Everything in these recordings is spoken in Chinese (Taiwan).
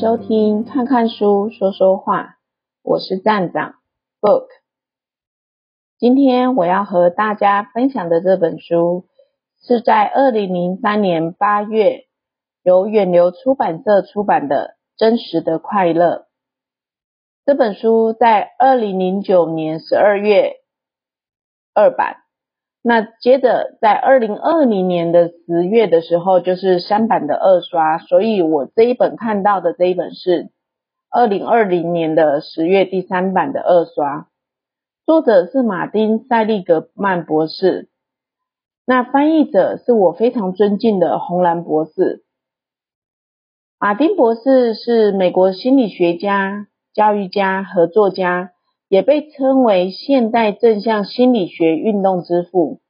收聽、看看書、說說話，我是站長 Book。今天我要和大家分享的這本書，是在二零零三年八月由遠流出版社出版的《真實的快樂》。這本書在二零零九年十二月二版。那接着，在二零二零年的十月的時候，就是三版的二刷，所以我這一本看到的這一本是二零二零年的十月第三版的二刷，作者是馬丁·塞利格曼博士，那翻譯者是我非常尊敬的紅藍博士，馬丁博士是美國心理學家、教育家和作家。也被稱為現代正向心理學運動之父。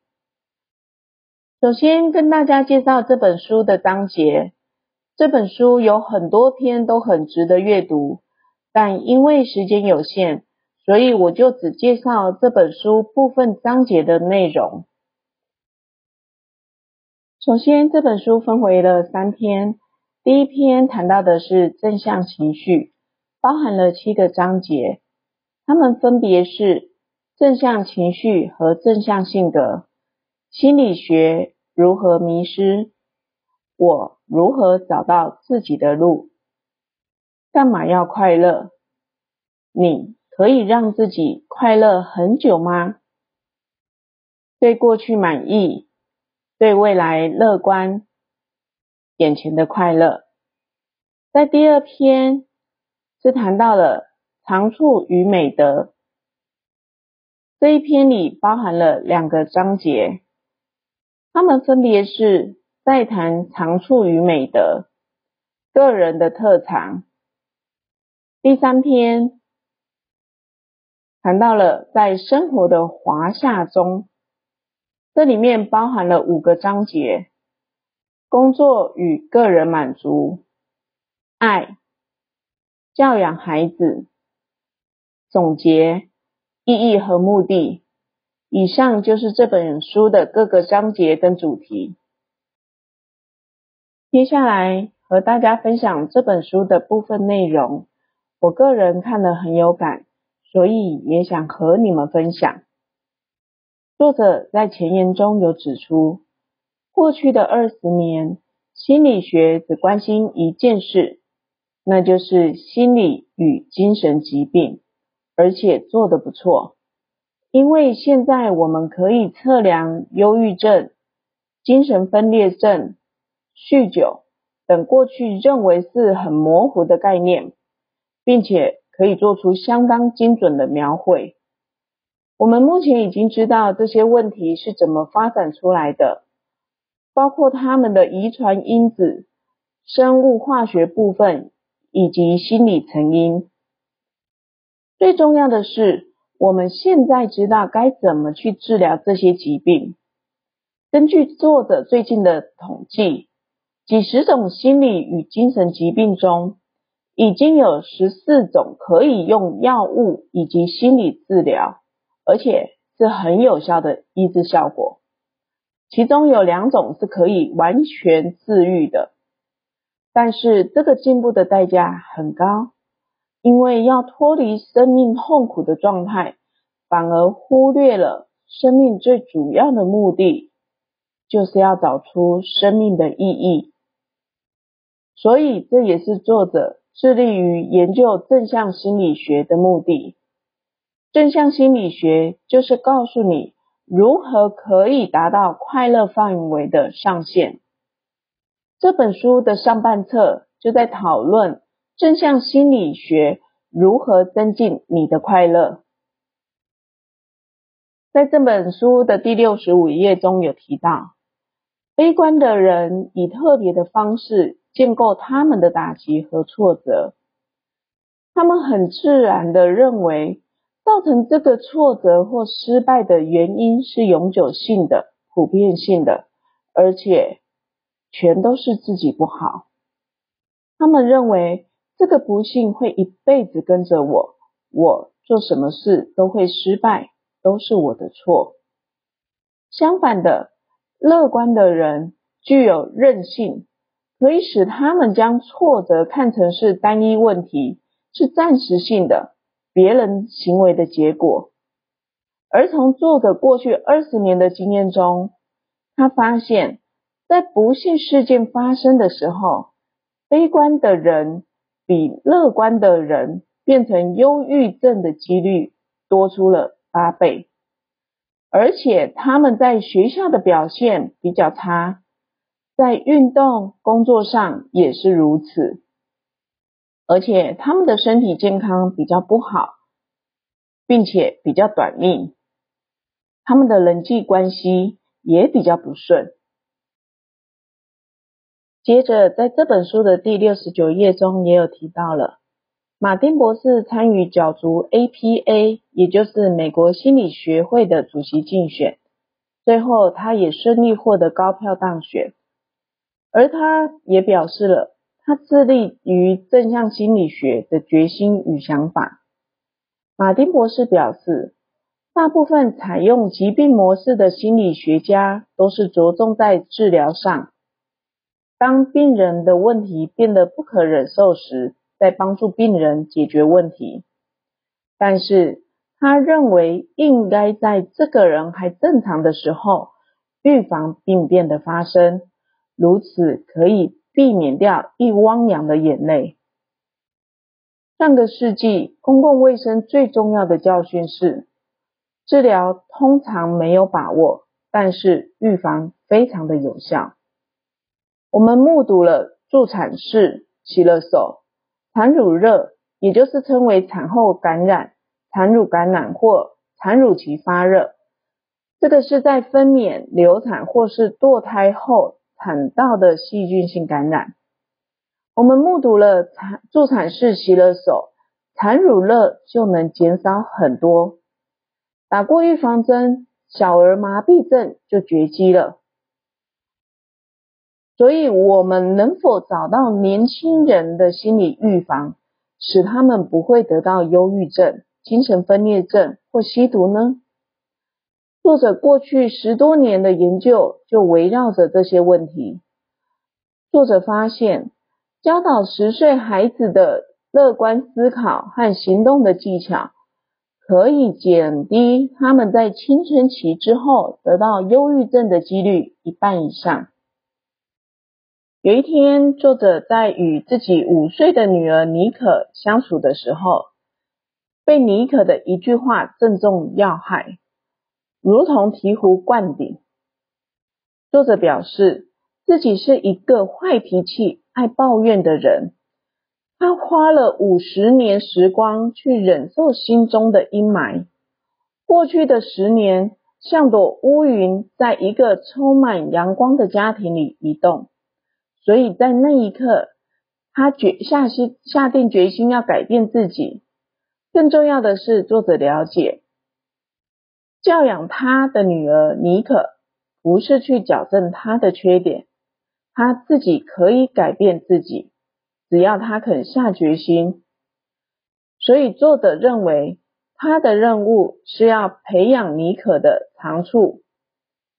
首先跟大家介紹這本書的章節。這本書有很多篇都很值得閱讀，但因為時間有限，所以我就只介紹這本書部分章節的內容。首先，這本書分為了三篇。第一篇談到的是正向情緒，包含了七個章節。他們分別是正向情緒和正向性格，心理學如何迷失，我如何找到自己的路，幹嘛要快樂？你可以讓自己快樂很久嗎？對過去滿意，對未來樂觀，眼前的快樂。在第二篇，是談到了。長處與美德這一篇裡包含了兩個章節，他們分別是在談長處與美德，個人的特長。第三篇談到了在生活的華夏中，這裡面包含了五個章節：工作與個人滿足，愛，教養孩子。總結意義和目的。以上就是這本書的各個章節跟主題。接下來和大家分享這本書的部分內容。我個人看了很有感，所以也想和你們分享。作者在前言中有指出，過去的二十年，心理學只關心一件事，那就是心理與精神疾病。而且做得不錯，因為現在我們可以測量憂鬱症、精神分裂症、酗酒等過去認為是很模糊的概念，並且可以做出相當精準的描繪。我們目前已經知道這些問題是怎麼發展出來的，包括它們的遺傳因子、生物化學部分以及心理成因。最重要的是，我們現在知道該怎麼去治療這些疾病。根據作者最近的統計，幾十種心理與精神疾病中，已經有十四種可以用藥物以及心理治療，而且是很有效的醫治效果。其中有兩種是可以完全治癒的，但是這個進步的代價很高。因為要脫離生命痛苦的狀態，反而忽略了生命最主要的目的，就是要找出生命的意義。所以，這也是作者致力於研究正向心理學的目的。正向心理學就是告訴你如何可以達到快樂範圍的上限。這本書的上半冊就在討論。正向心理學如何增進你的快樂？在這本書的第六十五頁中有提到，悲觀的人以特別的方式建構他們的打擊和挫折。他們很自然地認為，造成這個挫折或失敗的原因是永久性的、普遍性的，而且全都是自己不好。他們認為。這個不幸會一輩子跟着我，我做什麼事都會失敗，都是我的錯。相反的，樂觀的人具有韌性，可以使他們將挫折看成是單一問題，是暫時性的，別人行為的結果。而從作者過去二十年的經驗中，他發現，在不幸事件發生的時候，悲觀的人。比樂觀的人變成憂鬱症的幾率多出了八倍，而且他們在學校的表現比較差，在運動、工作上也是如此，而且他們的身體健康比較不好，並且比較短命，他們的人際關係也比較不順。接着，在這本書的第六十九頁中，也有提到了馬丁博士參與角逐 APA，也就是美國心理學會的主席競選，最後他也順利獲得高票當選。而他也表示了他致力於正向心理學的決心與想法。馬丁博士表示，大部分採用疾病模式的心理學家都是着重在治療上。當病人的問題變得不可忍受時，再幫助病人解決問題。但是他認為應該在這個人還正常的時候，預防病變的發生，如此可以避免掉一汪洋的眼淚。上個世紀，公共衛生最重要的教訓是，治療通常沒有把握，但是預防非常的有效。我們目睹了助產士洗了手，產褥熱，也就是稱為產後感染、產褥感染或產褥期發熱，這個是在分娩、流產或是墮胎後產道的細菌性感染。我們目睹了助產士洗了手，產褥熱就能減少很多。打過預防針，小兒麻痹症就絕跡了。所以，我們能否找到年輕人的心理預防，使他們不會得到憂鬱症、精神分裂症或吸毒呢？作者過去十多年的研究就圍繞着這些問題。作者發現，教導十歲孩子的樂觀思考和行動的技巧，可以減低他們在青春期之後得到憂鬱症的幾率一半以上。有一天，作者在與自己五歲的女兒妮可相處的時候，被妮可的一句話正中要害，如同醍醐灌頂。作者表示自己是一個壞脾氣、愛抱怨的人。他花了五十年時光去忍受心中的陰霾，過去的十年像朵烏雲，在一個充滿陽光的家庭裡移動。所以在那一刻，他決下心下定決心要改變自己。更重要的是，作者了解，教養他的女兒妮可，不是去矯正他的缺點，他自己可以改變自己，只要他肯下決心。所以作者認為，他的任務是要培養妮可的長處，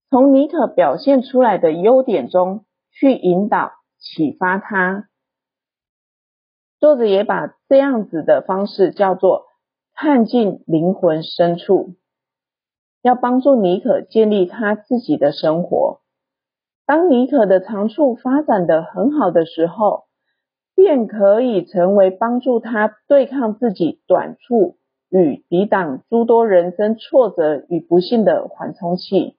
從妮可表現出來的優點中去引導。啟發他，作者也把這樣子的方式叫做探進靈魂深處，要幫助尼可建立他自己的生活。當尼可的長處發展得很好的時候，便可以成為幫助他對抗自己短處與抵擋諸多人生挫折與不幸的緩衝器。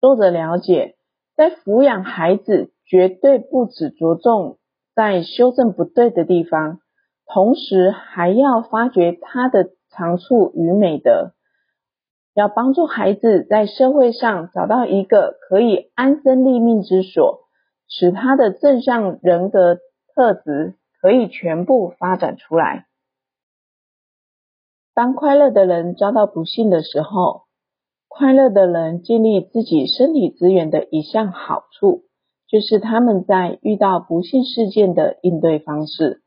作者了解。在撫養孩子，絕對不只着重在修正不對的地方，同時還要發掘他的長處與美德，要幫助孩子在社會上找到一個可以安身立命之所，使他的正向人格特質可以全部發展出來。當快樂的人遭到不幸的時候，快樂的人建立自己身體資源的一項好處，就是他們在遇到不幸事件的應對方式。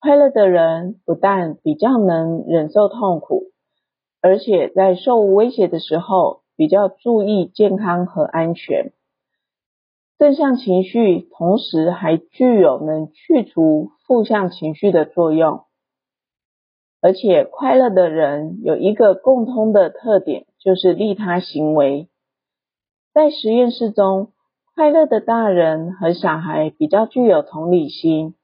快樂的人不但比較能忍受痛苦，而且在受威脅的時候比較注意健康和安全。正向情緒同時還具有能去除負向情緒的作用，而且快樂的人有一個共通的特點。就是利他行為。在實驗室中，快樂的大人和小孩比較具有同理心。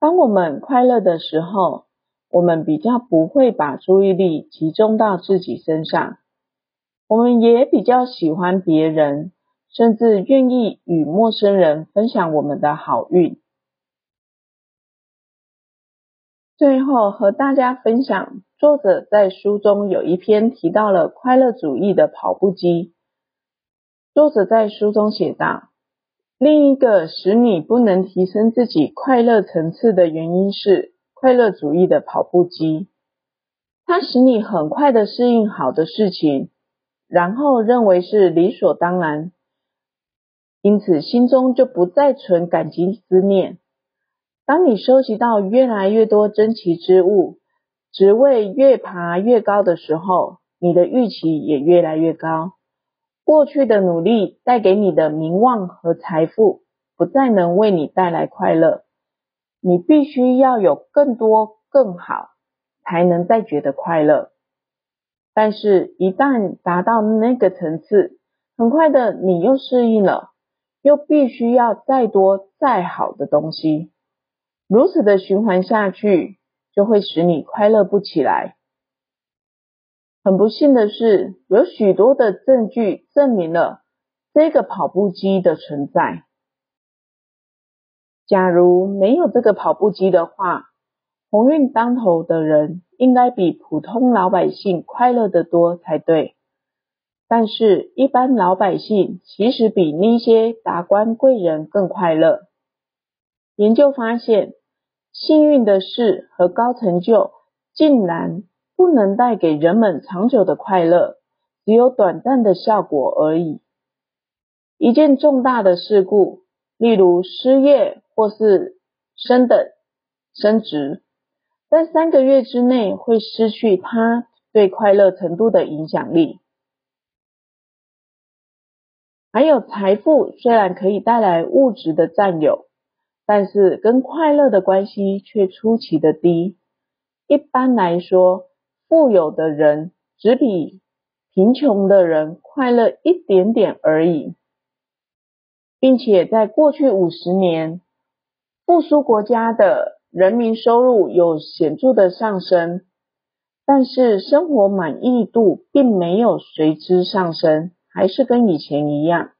當我們快樂的時候，我們比較不會把注意力集中到自己身上。我們也比較喜歡別人，甚至願意與陌生人分享我們的好運。最後和大家分享。作者在書中有一篇提到了快樂主義的跑步機。作者在書中寫道：“另一個使你不能提升自己快樂層次的原因是快樂主義的跑步機，它使你很快的適應好的事情，然後認為是理所當然，因此心中就不再存感激思念。當你收集到越來越多珍奇之物。”職位越爬越高的時候，你的預期也越來越高。過去的努力帶給你的名望和財富，不再能為你帶來快樂。你必須要有更多、更好，才能再覺得快樂。但是，一旦達到那個層次，很快的你又適應了，又必須要再多、再好的東西。如此的循環下去。就會使你快樂不起來。很不幸的是，有許多的證據證明了這個跑步機的存在。假如沒有這個跑步機的話，鴻運當頭的人應該比普通老百姓快樂得多才對。但是，一般老百姓其實比那些達官貴人更快樂。研究發現，幸運的事和高成就竟然不能帶給人們長久的快樂，只有短暫的效果而已。一件重大的事故，例如失業或是升等、升職，在三個月之內會失去它對快樂程度的影響力。還有財富，雖然可以帶來物質的占有。但是跟快樂的關係卻出奇的低。一般來說，富有的人只比貧窮的人快樂一點點而已，並且在過去五十年，富庶國家的人民收入有顯著的上升，但是生活滿意度並沒有隨之上升，還是跟以前一樣。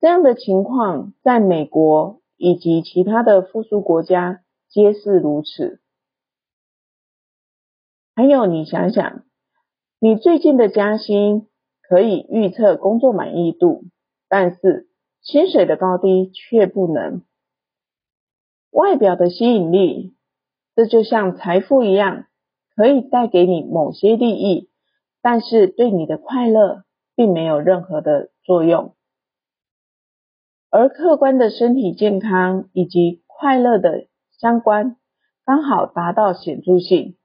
這樣的情況在美國，以及其他的復甦國家皆是如此。還有，你想想，你最近的加薪可以預測工作滿意度，但是薪水的高低卻不能。外表的吸引力，這就像財富一樣，可以帶給你某些利益，但是對你的快樂並沒有任何的作用。而客觀的身體健康以及快樂的相關剛好達到顯著性，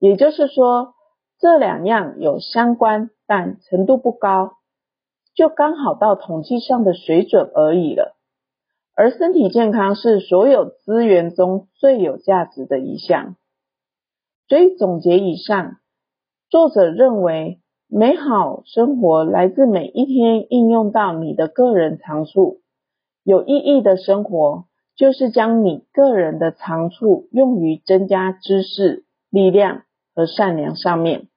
也就是說這兩樣有相關，但程度不高，就剛好到統計上的水準而已了。而身體健康是所有資源中最有價值的一項，所以總結以上，作者認為美好生活來自每一天應用到你的個人長處。有意義的生活就是將你個人的長處用於增加知識、力量和善良上面。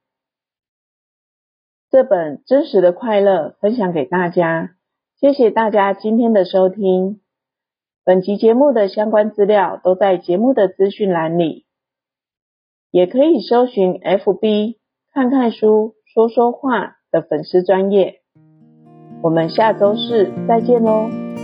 這本真實的快樂分享給大家，謝謝大家今天的收聽。本集節目的相關資料都在節目的資訊欄裡，也可以搜尋 FB 看看書、說說話的粉絲專頁。我們下周四再見嘍！